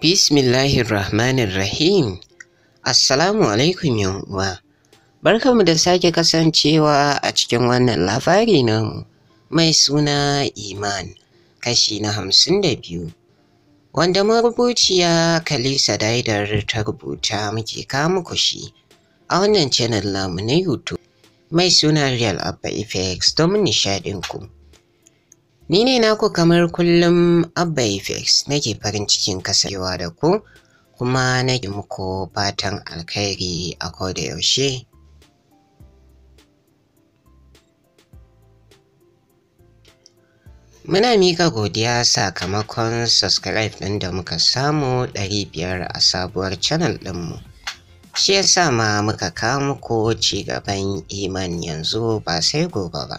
Bismillahirrahmanirrahim. Assalamu alaikum uwa. Barkanmu da sake kasancewa a cikin wannan labari namu mai suna Iman, kashi na hamsin da biyu. Wanda marubuciya Kalisa Daidar ta rubuta muke kawo kushi shi a wannan channel namu na YouTube mai suna Real Abba Effects domin nishaɗinku. ku. Ni ne naku kamar kullum Abba nake farin cikin kasancewa da ku kuma nake muku fatan alkhairi a koda yaushe. Muna mika godiya sakamakon subscribe ɗin da muka samu ɗari biyar a sabuwar channel ɗinmu. Shi yasa ma muka kawo muku ci gaban iman yanzu ba sai gobe ba.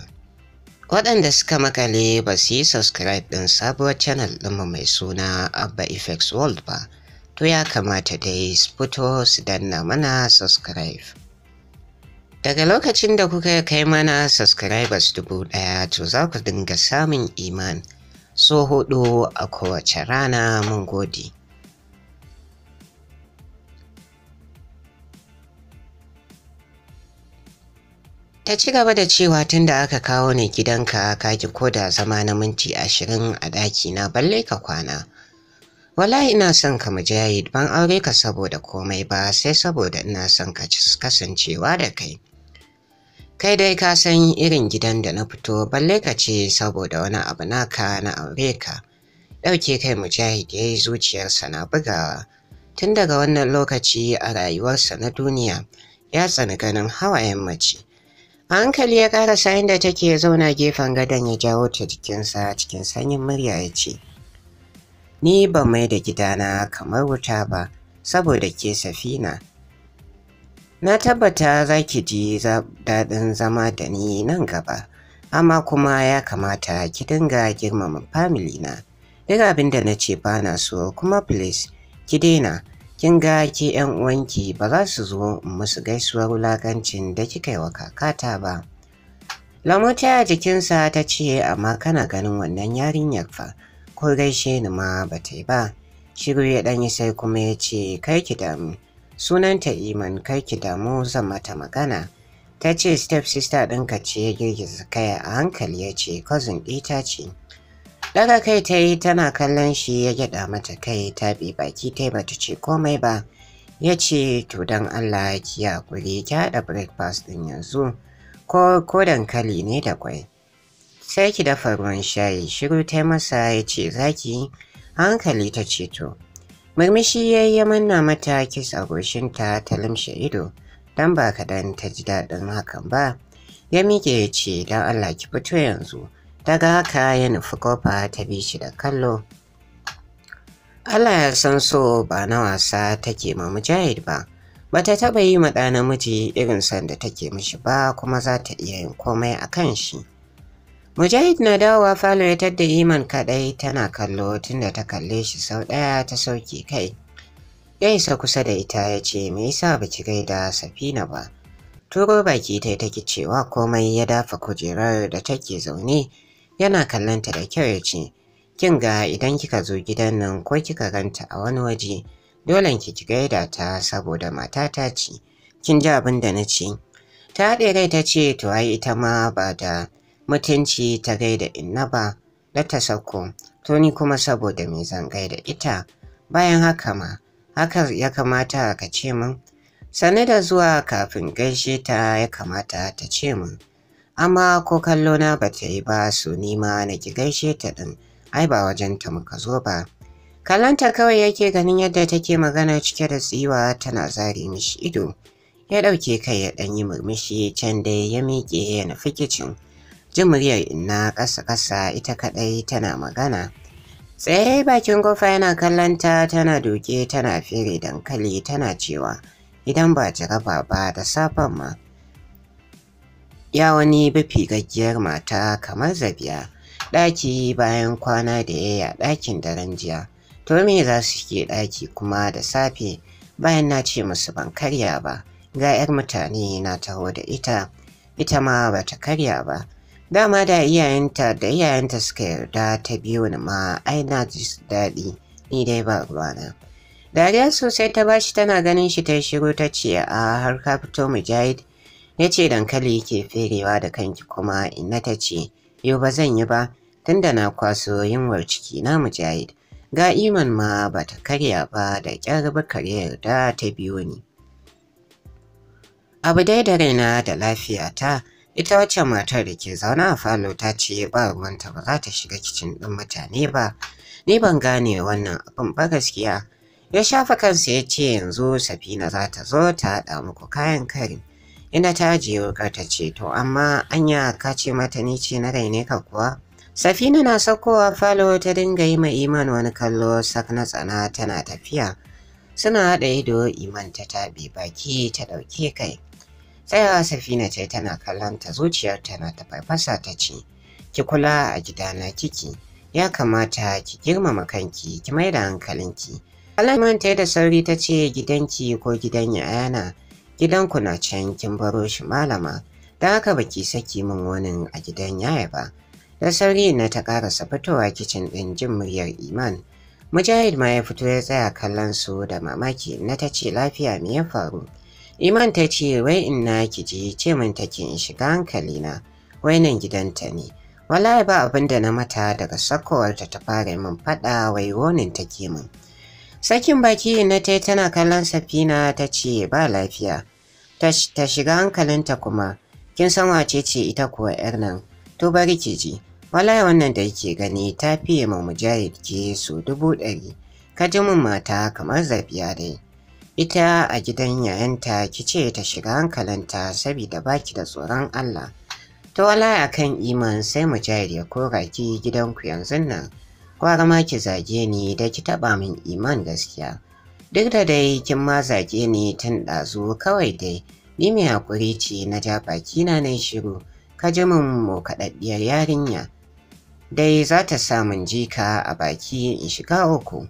Waɗanda suka makale ba su yi subscribe ɗin sabuwar channel ɗinmu mai suna Abba Effects World ba, to ya kamata dai su fito su danna mana subscribe. Daga lokacin da kuka kai mana subscribers dubu ɗaya to za ku dinga samun iman so hudu a kowace rana mun gode. Ta ci gaba da cewa tun da aka kawo ni gidanka ka ki koda zama na minti ashirin a ɗaki na balle ka kwana. Wallahi ina son ka mujahid ban aure ka saboda komai ba sai saboda ina son ka kasancewa da kai. Kai dai ka san irin gidan da na fito balle ka ce saboda wani abu naka na aure ka. Ɗauke kai mujahid ya yi zuciyarsa na bugawa. Tun daga wannan lokaci a rayuwarsa na duniya ya tsani ganin hawayen mace. hankali ya ƙarasa da take zauna gefen gadon ya jawo ta jikinsa cikin sanyin murya ya ce, Ni ban mai da gidana kamar wuta ba, saboda ke safina. Na tabbata za ki ji daɗin zama da ni nan gaba, amma kuma ya kamata ki dinga girmama family na. Duk abin da na ce ba na so kuma please, ki daina, kin ga ki yan uwanki ba za su zo musu gaisuwar wulakancin da kika yi wa kakata ba lamota jikinsa ta ce amma kana ganin wannan yarinyar fa ko gaishe ni ma ba ta yi ba shiru ya yi sai kuma ya ce kai ki damu sunan ta iman kai ki damu zan mata magana ta ce step sister ɗinka ce ya girgiza kaya a hankali ya ce cousin ɗita ce Daga kai ta yi tana kallon shi ya gyaɗa mata kai ta bi baki ta bata ce komai ba. Ya ce to don Allah ki hakuri ki haɗa breakfast din yanzu ko ko dankali ne da kwai. Sai ki dafa ruwan shayi shiru ta masa ya ce zaki hankali ta ce to. Murmushi ya yi ya manna mata kis a goshin ta limshe ido don ba kaɗan ta ji daɗin hakan ba. Ya miƙe ya ce don Allah ki fito yanzu. daga haka ya nufi kofa ta bi shi da kallo Allah ya san so ba na wasa take ma mujahid ba Ba ta taɓa yi ma ɗa namiji irin sanda take mishi ba kuma za ta iya yin komai a kan shi mujahid na dawowa falo ya tadda iman kaɗai tana kallo tunda ta kalle shi sau ɗaya ta sauke kai ya isa kusa da ita ya ce me yasa ba ki gaida safina ba turo baki ta ta cewa komai ya dafa kujerar da take zaune yana kallon ta da kyau ya ce, Kin ga idan kika zo gidan nan ko kika ganta a wani waje, dole ki ki gaida ta saboda matata ce, kin ji abin da na ce. Ta haɗe rai ta ce to ai ita ma ba da mutunci ta gaida inna ba da ta sauko, to ni kuma saboda me zan gaida ita. Bayan haka ma, haka ya kamata ka ce min, sane da zuwa kafin gaishe ta ya kamata ta ce min. amma ko kallo na ba yi ba su nima na ki gaishe ta ɗin ai ba wajen ta muka zo ba. Kallonta kawai yake ganin yadda take magana cike da tsiwa tana zare mishi ido. Ya ɗauke kai ya ɗan yi murmushi can dai ya miƙe ya nufi kicin. Jin muryar inna ƙasa-ƙasa ita kaɗai tana magana. Tsaye bakin kofa yana kallonta tana doke tana fere dankali tana cewa idan ba jaraba ba da safen ma ya wani bafi gajiyar mata kamar zabiya Daki bayan kwana da ya yi a ɗakin daren jiya to me za su ke ɗaki kuma da safe bayan na ce musu ban karya ba ga 'yar mutane na taho da ita ita ma ba ta karya ba dama da iyayenta da iyayenta suka yarda ta biyo ni ma ai na ji daɗi ni dai ba ruwana dariya sosai ta bashi tana ganin shi ta shiru ta ce a har ka fito mujahid ya ce dankali ke ferewa da kanki kuma inna ta ce yau ba zan yi ba tunda na kwaso yunwar ciki na mujahid ga iman ma ba ta karya ba da kyar karyar da ta biyo ni abu dai da raina da lafiyata ita wacce matar da ke zaune a falo ta ce ba ruwanta ba za ta shiga kicin ɗin mutane ba ni ban gane wannan abin ba gaskiya ya shafa kansa ya ce yanzu safina za ta zo ta haɗa muku kayan kari Ina ta ajiye wuƙar ta ce, to amma anya ka ce mata ni ce na raine ka kuwa? Safina na saukowa falo ta dinga yi ma Iman wani kallo sak na tsana tana tafiya. Suna haɗa ido Iman ta taɓe baki ta ɗauke kai. Tsayawa Safina ce tana kallon ta zuciyar tana ta farfasa ta ce, ki kula a gidana kiki, ya kamata ki girmama kanki ki mai da hankalinki. Alaman ta da sauri ta ce gidanki ko gidan yana Gidan ku na can kin baro shi malama, Da haka baki saki min wani a gidan yaya ba. Da sauri na ta karasa fitowa kicin ɗin jin muryar Iman. Mujahid ma ya fito ya tsaya kallon su da mamaki na ta ce lafiya me ya faru. Iman ta ce wai inna ki je ce min take in shiga hankalina, wai nan gidanta ne. Wallahi ba abin da na mata daga sakowar ta fara min faɗa wai wonin take min. Sakin baki na tai tana kallon safina ta ce ba lafiya. ta shiga hankalinta kuma kin san wace ce ita kuwa yar nan to bari ki ji wallahi wannan da yake gani ta fiye ma mujahid ke su dubu ɗari ka ji mun mata kamar zabiya dai ita a gidan yayanta ki ce ta shiga hankalinta saboda baki da tsoron Allah to wallahi kan iman sai mujahid ya kora ki gidanku yanzu nan gwara ma ki zage ni da ki taɓa min iman gaskiya Duk da dai kin ma zage ni tun ɗazu kawai dai, ni mai haƙuri ce na ja bakina na shiru, ka ji min mokaɗaɗɗiyar yarinya. Dai za ta samun jika a baki in shiga uku.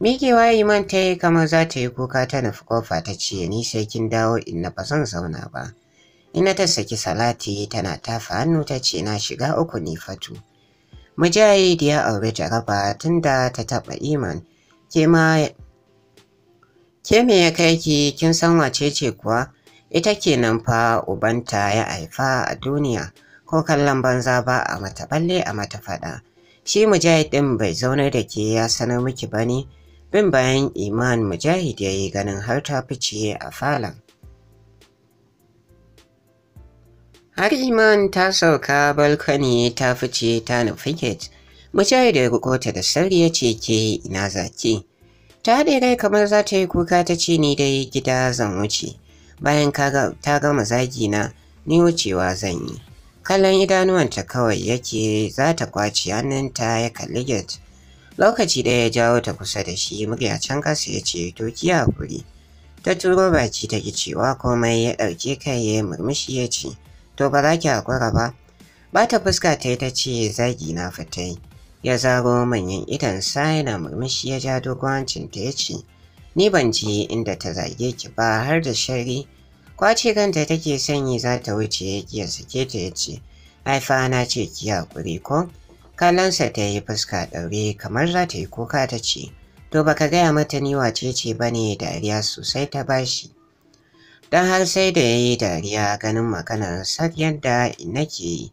Mikewa Iman ta yi kamar za ta yi kuka ta nufi kofa ta ce ni sai kin dawo in na ba zan zauna ba. Ina ta saki salati tana tafa hannu ta ce na shiga uku ne fatu. da ya aure jaraba tunda ta taɓa Iman, ke ma Ke me ya kai kin san wace ce kuwa? Ita ke nan fa ubanta ya haifa a duniya ko kallon banza ba a mata balle a mata faɗa. Shi mujahid ɗin bai zaune da ke ya sanar miki ba ne? Bin bayan iman mujahid ya yi ganin har ta fice a falon. Har iman ta sauka balkoni ta fice ta nufi Mujahid ya ta da sauri ya ce ke ina zaki. ta haɗe rai kamar za ta yi kuka ta ce ni dai gida zan wuce bayan ta gama zagi na ni wucewa zan yi kallon idanuwanta kawai yake za ta kwaci hannunta ya kalli gate lokaci ɗaya ya jawo ta kusa da shi murya can kasa ya ce to ki hakuri ta turo baki ta ki cewa komai ya ɗauke kai ya murmushi ya ce to ba za ki hakura ba ba ta fuska ta yi ta ce zagi na fitai ya zaro manyan idan sai na murmushi ya ja dogon cinta ya ce, Ni ban ji inda ta zage ki ba har da shari, kwace ganta take sanyi za ta wuce ya sake ta ya ce, Haifa na ce ki hakuri ko? kallonsa ta yi fuska ɗaure kamar za ta yi kuka ta ce, To baka gaya mata ni wace ce ba ne dariya sosai ta bashi. Don har sai da ya yi dariya ganin maganar sar yadda nake yi,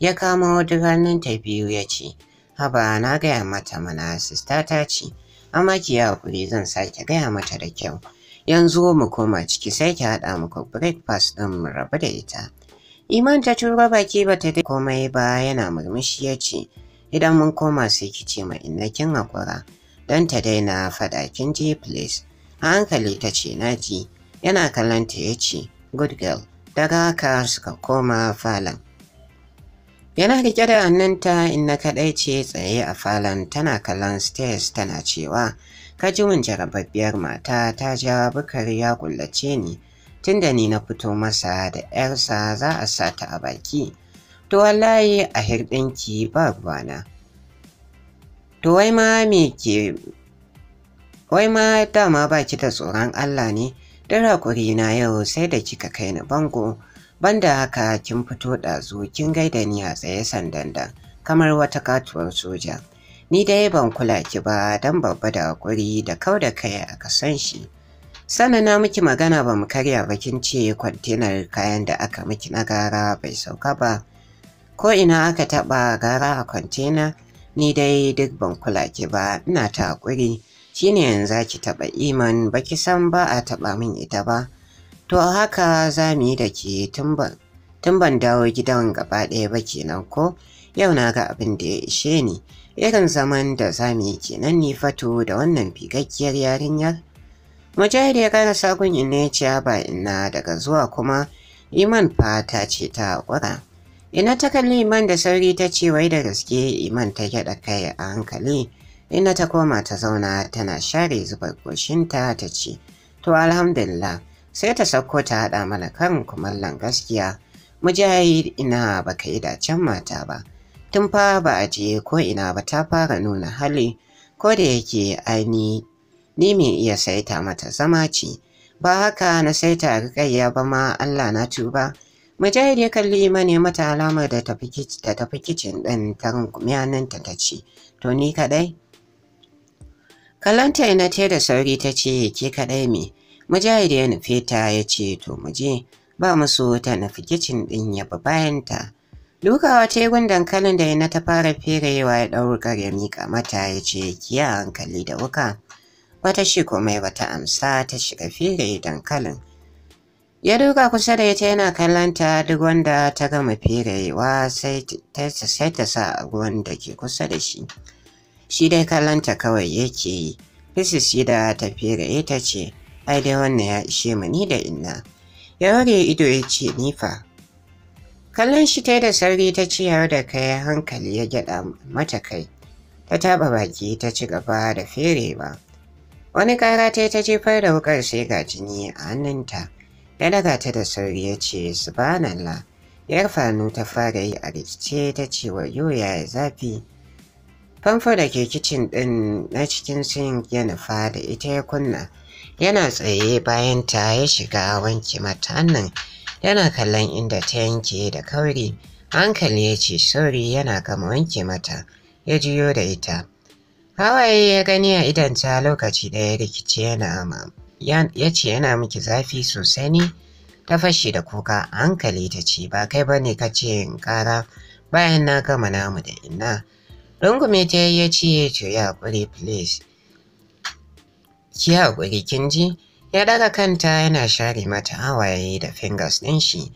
ya kamo duk hannun ta biyu ya ce, Haba na gaya mata mana sista ta ce, amma ki hakuri zan sake gaya mata da kyau. Yanzu mu koma ciki sai ki haɗa muku breakfast ɗin mu rabu da ita. Iman ta turo baki ba ta komai ba yana murmushi ya ce, idan mun koma sai ki ce ma inna kin hakura don ta daina faɗa kin je place. A hankali ta ce na ji, yana kallon ta ya ce, good girl, daga haka suka koma falon. Yana riƙe da hannunta in na kaɗai ce tsaye a falon tana kallon stairs tana cewa kajiwin jarababbiyar mata ta ja bukari ya kullace ni tunda ni na fito masa da ‘yarsa za a sa ta a baki. To wallahi a hirɗinki ba ruwana. To wai ma me ke Wai ma dama ba ki da tsoron Allah ne, don haƙuri na yau sai da kika kai ni bango. Banda haka kin fito ɗazu kin gaida ni a tsaye sandandan kamar wata katuwar soja. Ni dai ban kula ki ba dan babba da hakuri da kau da kai a kasan shi. sana na miki magana ba mu karya ba kin ce kwantenar kayan da aka miki na gara bai sauka ba. Ko ina aka taɓa gara a kwantena ni dai duk ban kula ki ba ina ta hakuri shine yanzu ki taba iman baki san ba a taɓa min ita ba. To haka za mu yi da ke tun ban dawo gidan gaba ɗaya ba kenan ko yau na ga abin da ya ishe ni irin zaman da za mu yi kenan ni fato da wannan fikakkiyar yarinyar. Mujahid ya kara sagun in ya ce ba ina daga zuwa kuma Iman fa ta ce ta haƙura. Ina ta kalli Iman da sauri ta ce wai da gaske Iman ta gyaɗa kai a hankali. Ina ta koma ta zauna tana share zubar goshinta ta ce, To alhamdulillah, sai ta sauko ta haɗa mana karin kumallon gaskiya mujahid ina baka yi dacen mata ba tun fa ba a je ko ina ba ta fara nuna hali ko da yake aini ni mai iya saita mata zama ce ba haka na saita rikayya ba ma Allah na tuba mujahid ya kalli mane mata alamar da tafi kicin ɗin ta rungumiyaninta ta ce to ni kaɗai kalanta na te da sauri tace ce ke kaɗai me da ya nufi ta ya ce to muje ba musu ta nufi kicin ɗin ya bi bayanta. Dukawa tegun dankalin da na ta fara ferewa ya ɗaukar ya mika mata ya ce kiya hankali da wuka. Wata shi komai bata amsa ta shiga fere dankalin. Ya duka kusa da ita yana kallonta duk wanda ta gama ferewa sai ta sa a ruwan da ke kusa da shi. Shi dai kallonta kawai yake yi, Fisis da ta fere ita ce, ai dai wannan ya ishe mu ni da inna ya ware ido ya ce ni fa kallon shi ta da sauri ta ciyar da kai hankali ya gyaɗa mata kai ta taɓa baki ta ci gaba da ferewa wani kara ta ta jefar da wukar sai ga jini a hannunta ya daga ta da sauri ya ce subhanallah yar fanu ta fara yi a rikice ta ce wa yoya ya zafi famfo da ke kicin ɗin na cikin sink ya nufa da ita ya kunna yana tsaye bayan ta ya shiga wanke mata hannun yana kallon inda ta yanke da kauri hankali ya ce sauri yana gama wanke mata ya juyo da ita hawaye ya gani a ta lokaci ɗaya rikici yana ya ce yana miki zafi sosai ne ta fashe da kuka hankali ta ce ba kai bane ka ce in kara bayan na gama namu da ina rungume ta yi ya ce ya ce ya please Ki haƙuri kin ji? Ya daga kanta yana share mata hawaye da fingers ɗin shi.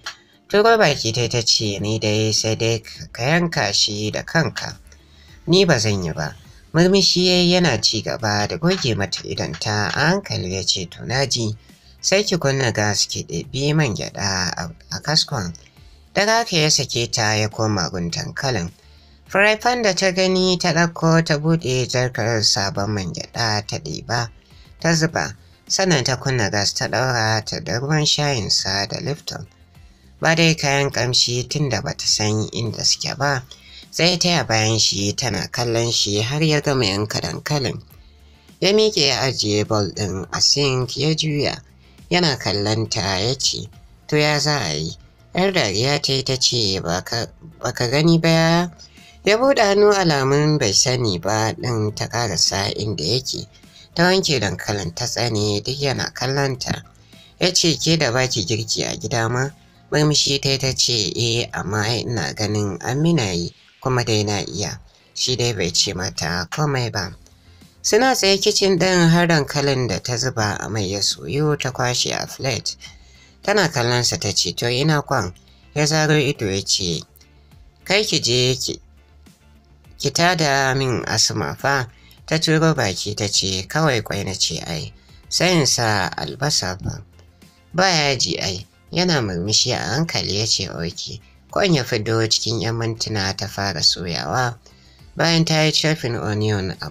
Turo baki dai ta ce ni dai sai dai ka yanka shi da kanka. Ni ba zan yi ba. Murmushi yana ci gaba da goge mata idanta a hankali ya ce to naji. Sai ki kunna gas ki ɗabi man gyaɗa a kaskon. Daga ka ya sake ta ya koma guntan kalin Frypan da ta gani ta ɗauko ta buɗe jarkar sabon man ta ɗiba. ta zuba sannan ta kunna gas ta ɗaura ta da ruwan shayinsa da lifton ba dai kayan ƙamshi tun da bata san inda suke ba sai taya bayan shi tana kallon shi har ya gama yanka dankalin ya miƙe ya ajiye bol ɗin a sink ya juya yana kallon ta ya ce to ya za a yi yar dariya ta yi ta ce ba ka gani ba ya ya buɗe hannu alamun bai sani ba ɗin ta ƙarasa inda yake ta wanke dankalin ta tsane duk yana kallonta ya ce ke da baki girki a gida ma murmushi ta ta ce eh amma ina ganin amina yi kuma dai na iya shi dai bai ce mata komai ba suna tsaye kicin ɗin har dankalin da ta zuba a mai ya soyu ta kwashe a flat tana kallonsa ta ce to ina kwan ya zaro ido ya ce kai ki je ki tada min asuma fa ta turo baki ta ce kawai kwai na ce ai sayin sa albasa ba ba yaji ai yana murmushi a hankali ya ce oki kwan ya fido cikin yan mintuna ta fara soyawa bayan ta yi chafin onion a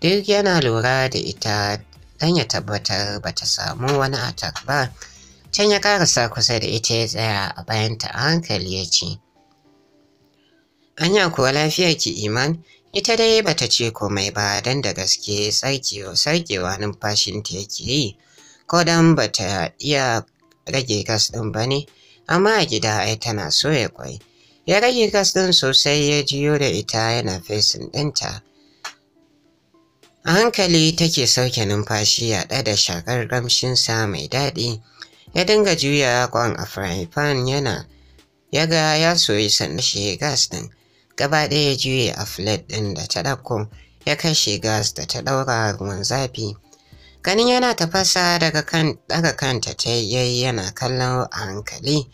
duk yana lura da ita dan ya tabbatar ba ta samu wani atak ba can ya karasa kusa da ita ya tsaya a bayanta a hankali ya ce anya kuwa lafiya ki iman Ita dai bata ce komai ba don da gaske sarkewa numfashinta yake yi, ko bata iya rage gas ɗin ba ne, amma a gida ai tana so ya kwai. Ya rage gas ɗin sosai ya jiyo da ita yana fesin ɗinta. A hankali take sauke numfashi yaɗa da shakar gamshinsa mai daɗi. Ya dinga juya kwan a frying pan yana ya ga ya soyi sannan shi gas ɗin. gaba ɗaya ya juye a filet ɗin da ta ɗauko ya kashe gas da ta ɗaura ruwan zafi. Ganin yana tafasa daga kan daga kanta ta yayi yana kallon a hankali.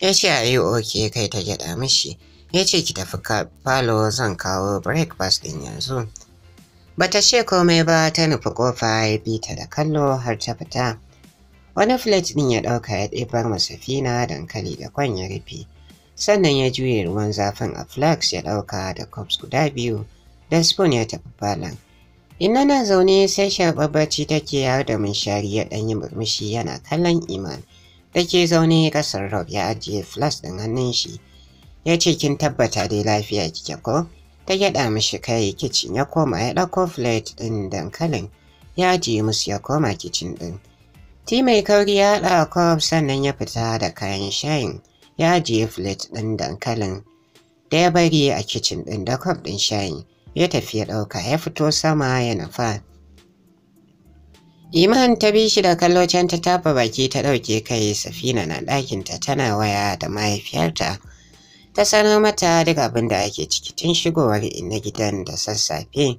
Ya ce a yi oke kai ta gyaɗa mishi. Ya ce ki tafi falo zan kawo breakfast ɗin yanzu. Bata ce komai ba ta nufi kofa ya bi ta da kallo har ta fita. Wani flat ɗin ya ɗauka ya ɗebar masafina dankali da kwan ya rufe. sannan ya juye ruwan zafin a flax ya ɗauka da cups guda biyu da spoon ya tafi falon. ina na zaune sai bacci take yawo da munshari ya ɗanyi murmushi yana kallon iman da ke zaune ƙasar rock ya ajiye flax ɗin hannun shi. Ya ce kin tabbata dai lafiya kike ko? Ta gyaɗa mishi kai kicin ya koma ya ɗauko plate ɗin dankalin ya ajiye musu ya koma kicin ɗin. Ti mai kauri ya haɗa kwaf sannan ya fita da kayan shayin. ya ajiye filet ɗin dankalin da ya bari a kicin ɗin da kwaf ɗin shayi ya tafi ya ɗauka ya fito sama ya nufa. Iman ta bi shi da ta tafa baki ta ɗauke kai safina na ɗakinta tana waya da mahaifiyarta. Ta sanar mata duk abin da ake ciki tun shigowar na gidan da sassafe.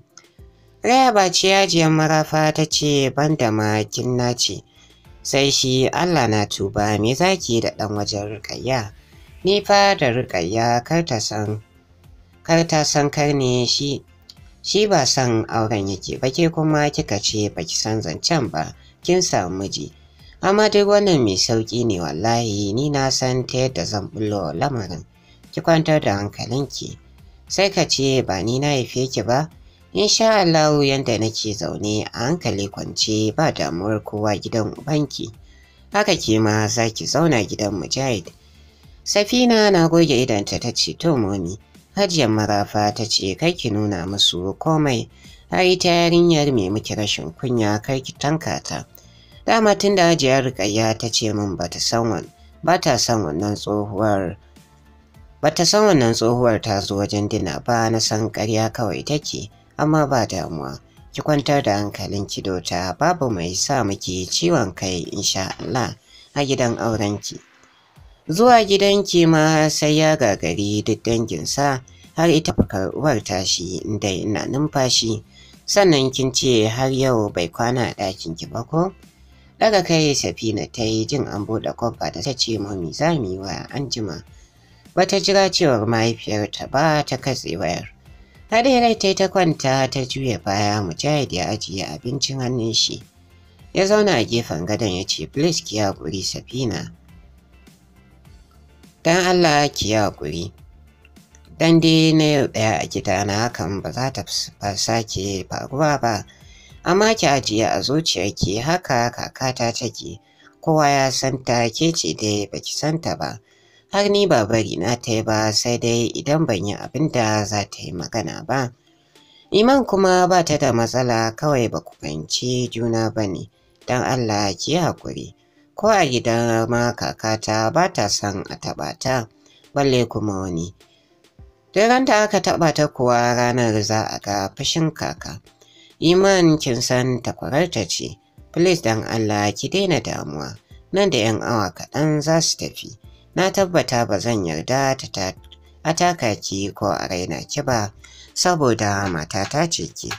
Raya ba ce yajiyar marafa ta ce ban da makin naci. ce sai shi Allah na tuba me zaki da ɗan wajen Rukayya? ni fa da Rukayya kar ta san kar ne shi shi ba san auren yake ba ke kuma kika ce ba ki san zancen ba kin samu miji amma duk wannan mai sauƙi ne wallahi ni na san ta yadda zan bullo lamarin ki kwantar da hankalinki sai ka ce ba ni na haife ki ba Insha Allah yanda nake zaune a hankali kwance ba damuwar kowa gidan banki. Haka ke ma za zauna gidan Mujahid. Safina na goge idanta ta ce to momi. Hajiyar marafa ta ce kai ki nuna musu komai. ai ta yarinyar mai miki rashin kunya kai ki tanka ta. Dama tun da hajiyar Rukayya ta ce min bata san wannan tsohuwar bata san wannan tsohuwar ta zo wajen dina ba na san ƙarya kawai take amma ba damuwa. Ki kwantar da hankalin ki dota babu mai sa miki ciwon kai insha Allah a gidan aurenki. Zuwa gidan ki ma sai ya gagari duk danginsa har ita fakar uwar tashi dai ina numfashi sannan kin ce har yau bai kwana a ɗakin ki ba ko? Daga kai safina ta yi jin an buɗe kofa da ta ce mami za mu yi wa anjima. Bata jira cewar mahaifiyarta ba ta katse wayar. Hadirai rai ta ta kwanta ta juya baya Mujahid ya ajiye abincin hannun shi. Ya zauna a gefen gadon ya ce, Please ki haƙuri Safina. Dan Allah ki haƙuri. Dan dai na yau ɗaya a gida na hakan ba za ta sake faruwa ba. Amma ki ajiye a zuciyarki haka kakata take. Kowa ya santa ke ce dai baki santa ba. har ni ba bari na ta ba sai dai idan ban yi abin da za ta yi magana ba. Iman kuma ba ta da matsala kawai ba ku fahimci juna ba ne, don Allah ki hakuri. Ko a gidan ma kakata ba ta son a taɓa ta, balle kuma wani. Duk da aka taɓa ta kuwa ranar za a ga fushin kaka. Iman kin san takwararta ce, Please don Allah ki daina damuwa, nan da ‘yan awa kaɗan za su tafi. na tabbata ba zan yarda ta ataka ki ko a raina ki ba saboda matata ce ki.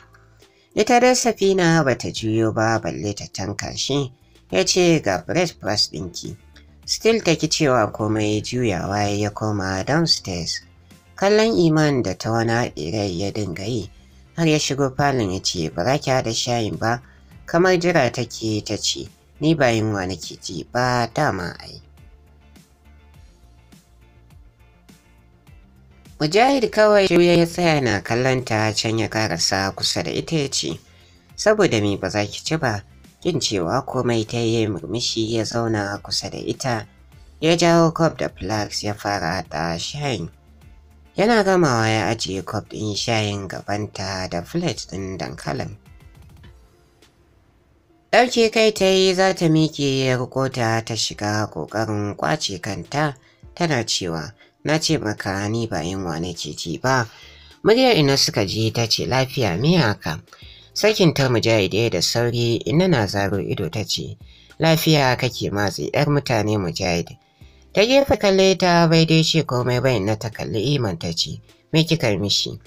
Ita dai safina ba ta juyo ba balle ta tanka shi ya ce ga breast press ɗinki. Still ta ki cewa komai juyawa ya koma downstairs. Kallon iman da ta wani rai ya dinga yi har ya shigo falon ya ce ba za ki haɗa shayin ba kamar jira take ta ce ni ba yin wa nake ji ba dama ai. Mujahid kawai juya ya tsaya na kallon ta can ya karasa kusa da ita ya ce, Saboda mai ba za ki ci ba, kin cewa komai ta yi murmushi ya zauna kusa da ita, ya jawo kwab da flax ya fara haɗa shayin. Yana gamawa ya ajiye kwab ɗin shayin gabanta da flat ɗin dankalin. Ɗauke kai ta yi za ta miƙe ya riko ta ta shiga ƙoƙarin kwace kanta tana cewa na ce maka ni ba yunwa na ji ba murya ina suka ji ta ce lafiya me haka sakin ta mujahide da sauri ina na zaro ido ta ce lafiya kake matsi yar mutane mujahid ta gefe kalle ta bai dai ce komai bai na ta kalli iman ta ce me kika mishi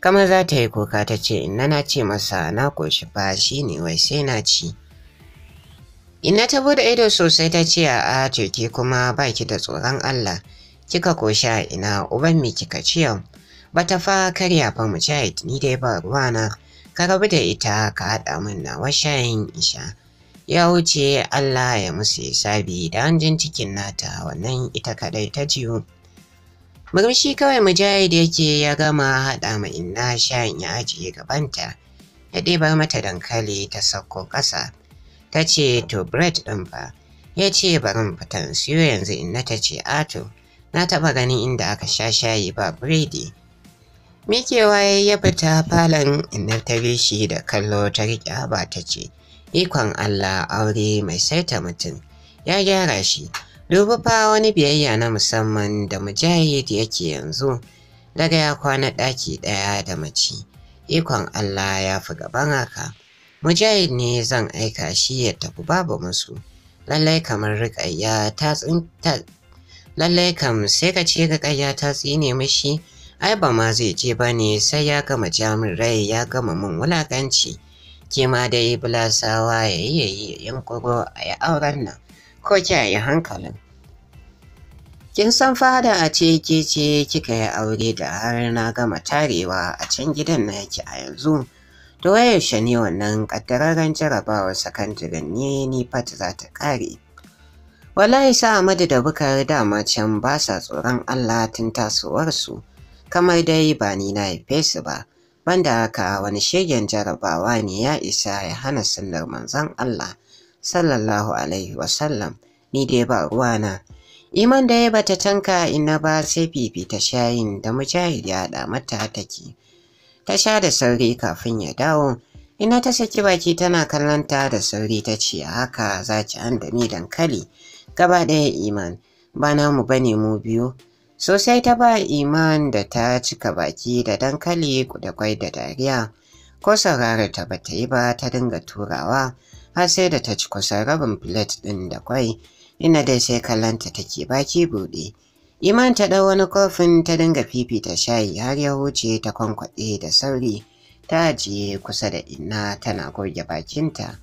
kamar za ta yi kuka ta ce ina na ce masa na koshi bashi shi ne wai sai na ci Ina ta bude ido sosai ta ce a a kuma baki da tsoron Allah kika kosha ina uban mi kika ciyo bata fa karya fa mu ci ni dai ba ruwana ka rabu da ita ka haɗa min nawa shayin isha ya wuce Allah ya musu sabi, da hanjin cikin nata wannan ita kadai ta jiyo murmushi kawai mujahid yake ya gama haɗa ma inna shayin ya ajiye gabanta ya ɗebar mata dankali ta sauko ƙasa ta ce to bread ɗin fa ya ce barin fitan siyo yanzu inna ta ce ato na taɓa ganin inda aka sha shayi ba biredi. Mikewa ya ya fita falon inda ta bi shi da kallo ta riƙe ba ta ce, Ikon Allah aure mai saita mutum, ya gyara shi, dubi fa wani biyayya na musamman da mujahid yake yanzu, daga ya kwana ɗaki ɗaya da mace, ikon Allah ya fi gaban haka. Mujahid ne zan aika shi ya tafi babu musu. Lallai kamar riƙayya ta lallai kam sai ka ce ga ƙarya ta tsine mishi ai ba ma zai je ba ne sai ya gama jamin rai ya gama mun wulakanci ke ma dai bulasawa ya yi ya yi a yi auren nan ko kya yi hankalin kin san fada a ce ke ce kika yi aure da har na gama tarewa a can gidan na yake a yanzu to yaushe ne wannan kaddararren jarabawar sakandaren ne ni fat za ta kare Wallahi sa Amadu da Bukari dama can ba sa tsoron Allah tun tasowarsu, kamar dai ba ni na haife ba, banda haka wani shegen jarabawa ne ya isa ya hana sunnar manzon Allah, sallallahu alaihi wasallam, ni dai ba ruwana. Iman dai bata tanka ina ba sai fifita shayin da mujahid ya haɗa mata take. Ta sha da sauri kafin ya dawo, ina ta saki baki tana kallon ta da sauri ta ce haka za ki an da dankali. gaba ɗaya iman ba namu bane mu biyu sosai ta ba iman da ta cika baki da dankali da kwai da dariya ko saurara ta ba ta yi ba ta dinga turawa har sai da ta ci kusan rabin filet ɗin da kwai ina dai sai kallanta take baki buɗe iman ta ɗau wani kofin ta dinga fifita shayi har ya huce ta kwankwaɗe da sauri ta ajiye kusa da inna tana goge bakinta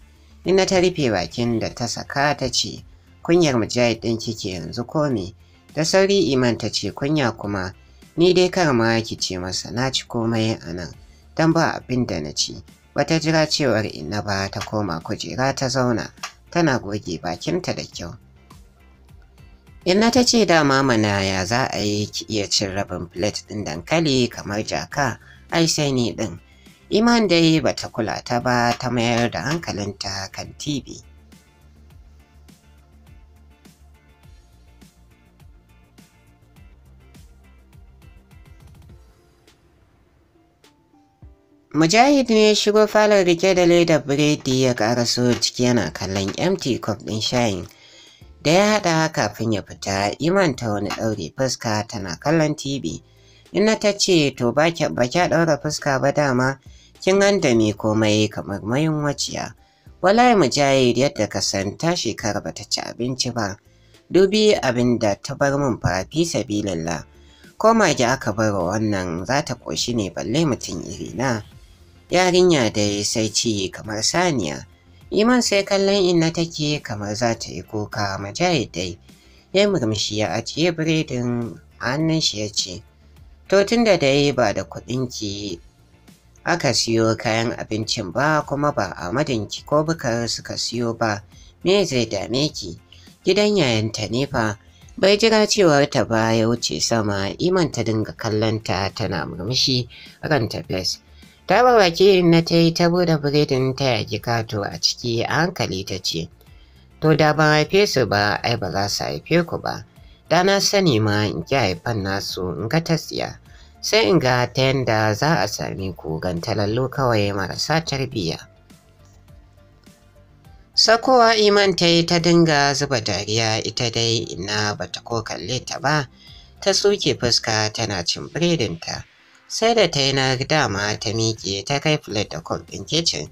inna ta rufe bakin da ta saka ta ce kunyar mujahid ɗin kike yanzu ko me da sauri iman ta ce kunya kuma ni dai kar ma ki ce masa na ci komai a nan dan ba abin da na ci bata jira cewar inna ba ta koma kujera ta zauna tana goge bakinta da kyau inna ta ce dama mana ya za a yi ki iya cin rabin plate ɗin dankali kamar jaka ai sai ni ɗin iman dai bata kula ta ba ta mayar da hankalinta kan tibi Mujahid ne ya shigo falon rike da leda biredi ya kara karaso ciki yana kallon empty cup ɗin shayin. Da ya hada kafin ya fita, Iman wani daure fuska tana kallon TV. Ina ta ce, to ba ki ɗaura fuska ba dama, kin handame komai kamar mayun waciya. Wallahi Mujahid yadda ka san ta shekara ba ci abinci ba. Dubi abin da ta bar mun fa fi sabilillah. Ko mage aka bar wannan za ta koshi ne balle mutum irina. Yarinya da ya sai ci kamar saniya. Iman sai kallon inna take kamar za ta yi kuka maja'idai. dai. Ya murmushi ya ajiye biredin hannun shi ya ce, To tun da dai ba da ki aka siyo kayan abincin ba kuma ba a madinki ko bukar suka siyo ba, me zai dame ki? Gidan yayanta ne fa, bai jira cewar ta ba ya wuce sama iman ta dinga kallonta tana murmushi ranta fes. ta ba na ta yi ta bude biredin ta yaƙi kato a ciki a hankali ta ce to da ban haife su ba ai ba za su haife ku ba da na sani ma in ki haifan nasu in ga ta tsiya sai in ga ta yanda za a sami ku talallo kawai marasa tarbiyya sakowa iman ta yi ta dinga zuba dariya ita dai ina bata ko kalle ta ba ta suke fuska tana cin biredin ta sai da ta yi na dama ta miƙe ta kai filet da kwam ɗin kicin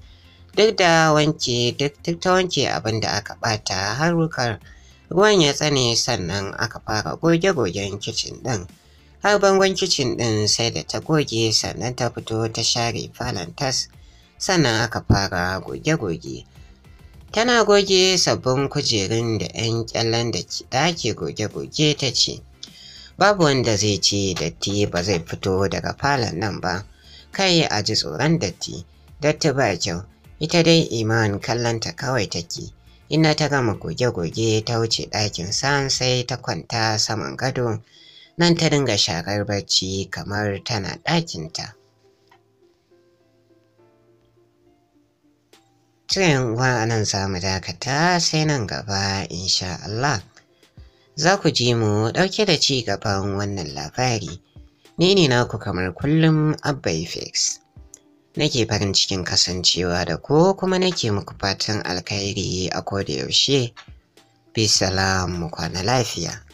duk da wanke duk ta wanke abin da aka ɓata har rukar ruwan ya tsane sannan aka fara goge-gogen kicin ɗin har bangon kicin ɗin sai da ta goge sannan ta fito ta share falon tas sannan aka fara goge-goge tana goge sabbin kujerun da 'yan kyallen da ke goge-goge ta ce babu wanda zai ce datti ba zai fito daga falon nan ba kai a ji tsoron datti datti ba kyau ita dai iman kallonta kawai take ina ta gama goge-goge ta wuce ɗakin san sai ta kwanta saman gado nan ta dinga shakar bacci kamar tana ɗakinta. Cikin wa nan za mu dakata sai nan gaba insha Allah. za ku ji mu ɗauke da ci gaban wannan labari. Ni ne naku kamar kullum Abba Fix. Nake farin cikin kasancewa da ko kuma nake muku fatan alkhairi a koda yaushe. Bisalam mu kwana lafiya.